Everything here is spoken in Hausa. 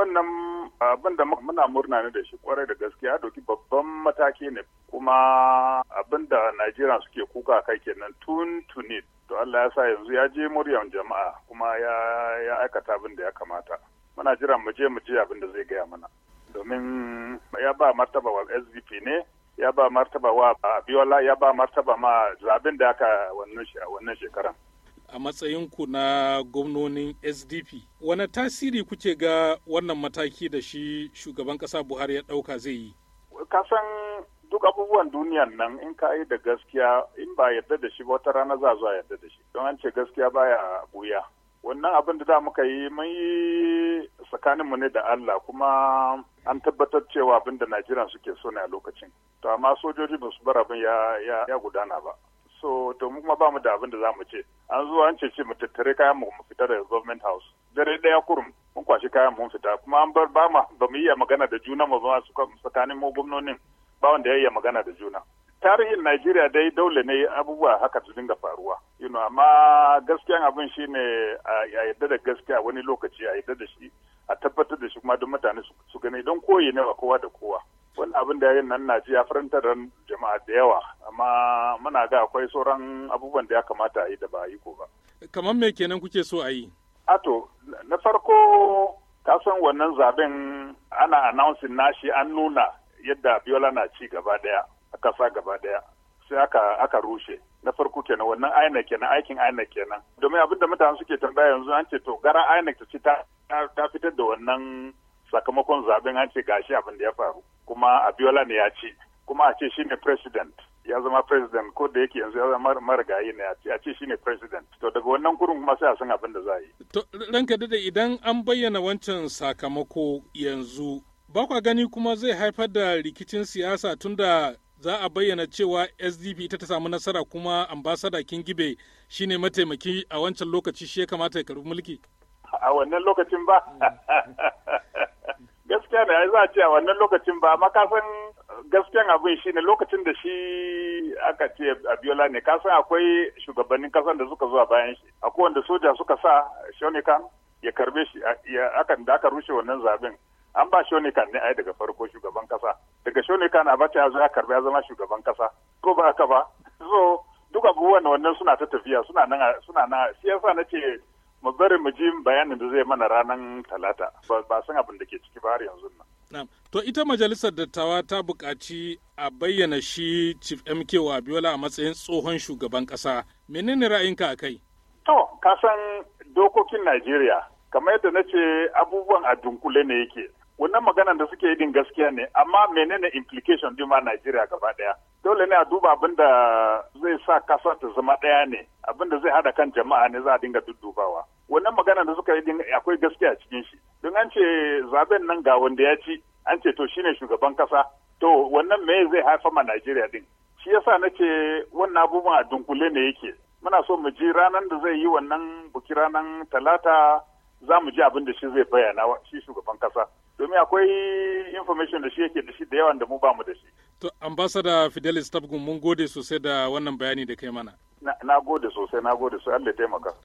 wannan abin da muna murna ne da shi kwarai da gaskiya doki babban mataki ne kuma abin da najeriya suke kuka kai kenan tun tuni to allah ya sa yanzu ya je muryan jama'a kuma ya aikata abin da ya kamata muna jira mu je mu je abin da zai gaya mana domin ya ba martaba wa sdp ne ya ba martaba wa abiola ya ba martaba ma zaben da aka wannan shekaran a matsayinku na gwamnonin sdp wani tasiri kuke ga wannan mataki da shi shugaban ƙasa buhari ya ɗauka zai yi kasan duk abubuwan duniyan nan in ka yi da gaskiya in ba yadda da shi wata rana za zuwa yadda da shi don an ce gaskiya baya buya wannan abin da da muka yi mun yi tsakaninmu ne da Allah kuma an tabbatar cewa abin da Najeriya suke so ne a lokacin to amma sojoji ba su bar abin ya gudana ba so to mu kuma ba mu da abin da za mu ce an zo an ce mu tattare kayan mu mu fita daga government house dare daya kurum mun kwashi kayan mu fita kuma an bar ba ma ba mu iya magana da juna mu ba su tsakanin mu gwamnonin ba wanda ya iya magana da juna tarihin Najeriya dai dole ne abubuwa haka su dinga faruwa you know amma gaskiyan abin shine a yadda da gaskiya wani lokaci a yadda da shi a tabbatar da shi kuma don mutane su gani don koyi ne wa kowa da kowa wani abin da ya yi nan Najeriya farantar jama'a da yawa amma muna ga akwai sauran abubuwan da ya kamata a yi da ba yi ko ba. Kamar me kenan kuke so a yi? Ato, na farko kasan wannan zaben ana announcing nashi an nuna yadda Biola na ci gaba daya a kasa gaba daya sai aka aka rushe. na farko kenan wannan INEC kenan aikin INEC kenan domin abin da mutane suke tambaya yanzu an ce to gara INEC ta ce ta fitar da wannan sakamakon zaben an ce gashi abin da ya faru kuma Abiola ne ya ci kuma a ce shi ne president ya zama president ko da yake yanzu ya zama marigayi ne a ce shi ne president to daga wannan kurin kuma sai a san abin da za a yi. To ranka da idan an bayyana wancan sakamako yanzu ba kwa gani kuma zai haifar da rikicin siyasa tunda za a bayyana cewa sdp ita ta samu nasara kuma ambasada kingibe shine mataimaki a wancan lokaci shi ya kamata ya karbi mulki a wannan lokacin ba mm. gaskiya ne za a ce a wannan lokacin ba makasan gaskiyan abin shi ne lokacin da shi aka ce abiola ne kasan akwai shugabannin kasan da suka zuwa bayan shi akwai wanda soja suka sa shonikan ya karbe shi aka da aka rushe wannan zaben an ba shonikan ne ai daga farko shugaban kasa daga shonikan a bata ya karbe ya zama shugaban kasa ko ba haka ba so duk abubuwan wannan suna ta tafiya suna nan suna nan shi yasa nace mu bari mu ji bayanin da zai mana ranar talata ba san abin da ke ciki ba har yanzu nan To ita majalisar dattawa ta bukaci a bayyana shi Chief MK Wabiola a matsayin tsohon shugaban ƙasa. Menene ra'ayinka a kai? To, ka dokokin Najeriya, kamar yadda na ce abubuwan a dunkule ne yake. Wannan maganan da suke din gaskiya ne, amma menene implication din ma Najeriya gaba ɗaya. Dole ne a duba abin da zai sa ƙasa ta zama ɗaya ne, abin da zai hada kan jama'a ne za a dinga duddubawa. Wannan maganan da suka yi akwai gaskiya cikin shi. an ce zaben nan ga wanda ya ci an ce to shine shugaban kasa to wannan me zai haifa ma Najeriya din shi yasa na ce wannan abubuwan a dunkule ne yake muna so mu ji ranar da zai yi wannan buki ranar talata za mu ji abin da shi zai bayyana shi shugaban kasa domin akwai information da shi yake da shi da yawan da mu bamu da shi to ambassador fidelis tabgun mun gode sosai da wannan bayani da kai mana na gode sosai na gode sosai allah taimaka